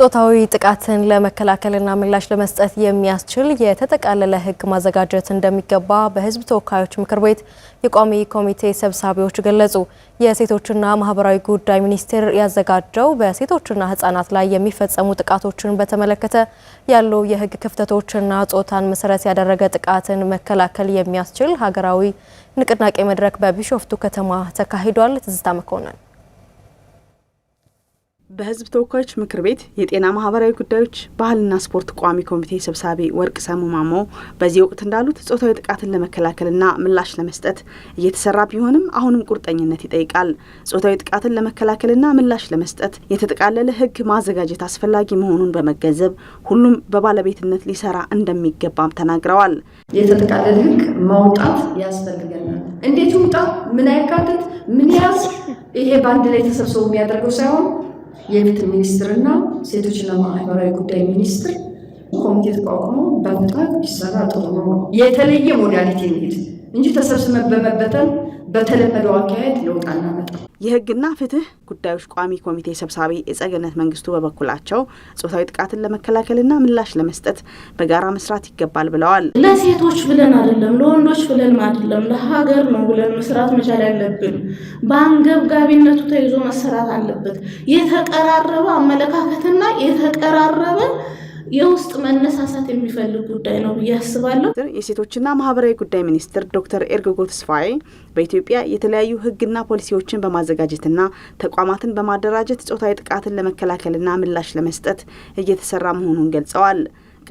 ጾታዊ ጥቃትን ለመከላከልና ምላሽ ለመስጠት የሚያስችል የተጠቃለለ ሕግ ማዘጋጀት እንደሚገባ በሕዝብ ተወካዮች ምክር ቤት የቋሚ ኮሚቴ ሰብሳቢዎች ገለጹ። የሴቶችና ማህበራዊ ጉዳይ ሚኒስቴር ያዘጋጀው በሴቶችና ሕጻናት ላይ የሚፈጸሙ ጥቃቶችን በተመለከተ ያሉ የሕግ ክፍተቶችና ጾታን መሰረት ያደረገ ጥቃትን መከላከል የሚያስችል ሀገራዊ ንቅናቄ መድረክ በቢሾፍቱ ከተማ ተካሂዷል። ትዝታ መኮንን በህዝብ ተወካዮች ምክር ቤት የጤና ማህበራዊ ጉዳዮች ባህልና ስፖርት ቋሚ ኮሚቴ ሰብሳቢ ወርቅ ሰሙማሞ በዚህ ወቅት እንዳሉት ጾታዊ ጥቃትን ለመከላከልና ምላሽ ለመስጠት እየተሰራ ቢሆንም አሁንም ቁርጠኝነት ይጠይቃል። ጾታዊ ጥቃትን ለመከላከልና ምላሽ ለመስጠት የተጠቃለለ ህግ ማዘጋጀት አስፈላጊ መሆኑን በመገንዘብ ሁሉም በባለቤትነት ሊሰራ እንደሚገባም ተናግረዋል። የተጠቃለለ ህግ ማውጣት ያስፈልገናል። እንዴት ውጣ? ምን አይካተት? ምን ያዝ? ይሄ በአንድ ላይ ተሰብስቦ የሚያደርገው ሳይሆን የፍትህ ሚኒስትርና ሴቶችና ማህበራዊ ጉዳይ ሚኒስትር ኮሚቴ ተቋቁሞ በምጣት ቢሰራ ጥሩ ነው። የተለየ ሞዳሊቲ እንሂድ እንጂ ተሰብስበን በመበተን በተለመደው አካሄድ ለውጥ አናመጣም። የህግና ፍትህ ጉዳዮች ቋሚ ኮሚቴ ሰብሳቢ የጸገነት መንግስቱ በበኩላቸው ጾታዊ ጥቃትን ለመከላከልና ምላሽ ለመስጠት በጋራ መስራት ይገባል ብለዋል። ለሴቶች ብለን አይደለም፣ ለወንዶች ብለን አይደለም፣ ለሀገር ነው ብለን መስራት መቻል ያለብን። በአንገብጋቢነቱ ተይዞ መሰራት አለበት። የተቀራረበ አመለካከትና የተቀራረበ የውስጥ መነሳሳት የሚፈልግ ጉዳይ ነው ብዬ አስባለሁ። የሴቶችና ማህበራዊ ጉዳይ ሚኒስትር ዶክተር ኤርግጎ ተስፋዬ በኢትዮጵያ የተለያዩ ህግና ፖሊሲዎችን በማዘጋጀትና ተቋማትን በማደራጀት ጾታዊ ጥቃትን ለመከላከልና ምላሽ ለመስጠት እየተሰራ መሆኑን ገልጸዋል።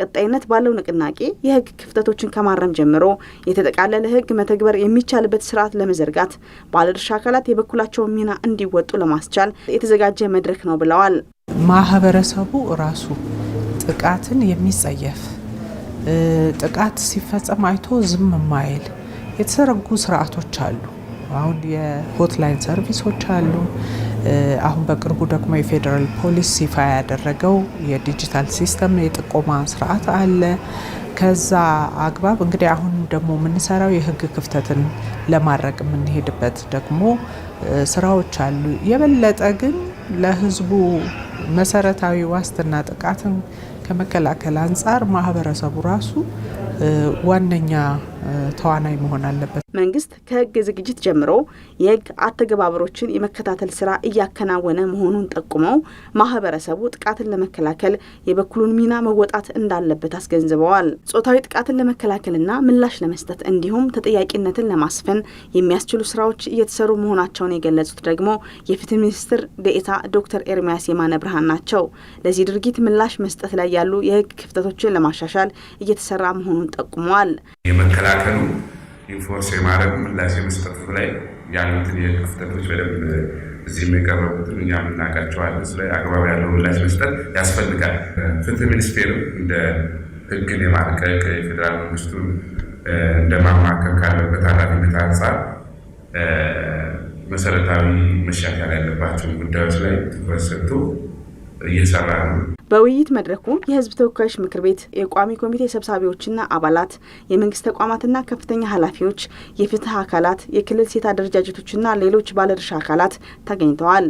ቀጣይነት ባለው ንቅናቄ የህግ ክፍተቶችን ከማረም ጀምሮ የተጠቃለለ ህግ መተግበር የሚቻልበት ስርዓት ለመዘርጋት ባለድርሻ አካላት የበኩላቸውን ሚና እንዲወጡ ለማስቻል የተዘጋጀ መድረክ ነው ብለዋል። ማህበረሰቡ ራሱ ጥቃትን የሚጸየፍ ጥቃት ሲፈጸም አይቶ ዝም ማይል የተዘረጉ ስርዓቶች አሉ። አሁን የሆትላይን ሰርቪሶች አሉ። አሁን በቅርቡ ደግሞ የፌዴራል ፖሊስ ሲፋ ያደረገው የዲጂታል ሲስተም የጥቆማ ስርዓት አለ። ከዛ አግባብ እንግዲህ አሁን ደግሞ የምንሰራው የህግ ክፍተትን ለማድረቅ የምንሄድበት ደግሞ ስራዎች አሉ። የበለጠ ግን ለህዝቡ መሰረታዊ ዋስትና ጥቃትን ከመከላከል አንጻር ማህበረሰቡ ራሱ ዋነኛ ተዋናይ መሆን አለበት። መንግስት ከህግ ዝግጅት ጀምሮ የህግ አተገባበሮችን የመከታተል ስራ እያከናወነ መሆኑን ጠቁመው ማህበረሰቡ ጥቃትን ለመከላከል የበኩሉን ሚና መወጣት እንዳለበት አስገንዝበዋል። ጾታዊ ጥቃትን ለመከላከልና ምላሽ ለመስጠት እንዲሁም ተጠያቂነትን ለማስፈን የሚያስችሉ ስራዎች እየተሰሩ መሆናቸውን የገለጹት ደግሞ የፍትህ ሚኒስትር ዴኤታ ዶክተር ኤርሚያስ የማነ ብርሃን ናቸው። ለዚህ ድርጊት ምላሽ መስጠት ላይ ያሉ የህግ ክፍተቶችን ለማሻሻል እየተሰራ መሆኑን ጠቁመዋል። የመከላከሉ ኢንፎርስ የማድረግ ምላሽ የመስጠት ላይ ያሉትን የክፍተቶች በደንብ እዚህ የቀረቡትን እኛ የምናውቃቸዋለን። ላይ አግባብ ያለው ምላሽ መስጠት ያስፈልጋል። ፍትህ ሚኒስቴርም እንደ ህግን የማርቀቅ የፌዴራል መንግስቱን እንደ ማማከር ካለበት ኃላፊነት አንጻር መሰረታዊ መሻሻል ያለባቸውን ጉዳዮች ላይ ትኩረት ሰጥቶ እየሰራ ነው። በውይይት መድረኩ የህዝብ ተወካዮች ምክር ቤት የቋሚ ኮሚቴ ሰብሳቢዎችና አባላት፣ የመንግስት ተቋማትና ከፍተኛ ኃላፊዎች፣ የፍትህ አካላት፣ የክልል ሴት አደረጃጀቶችና ሌሎች ባለድርሻ አካላት ተገኝተዋል።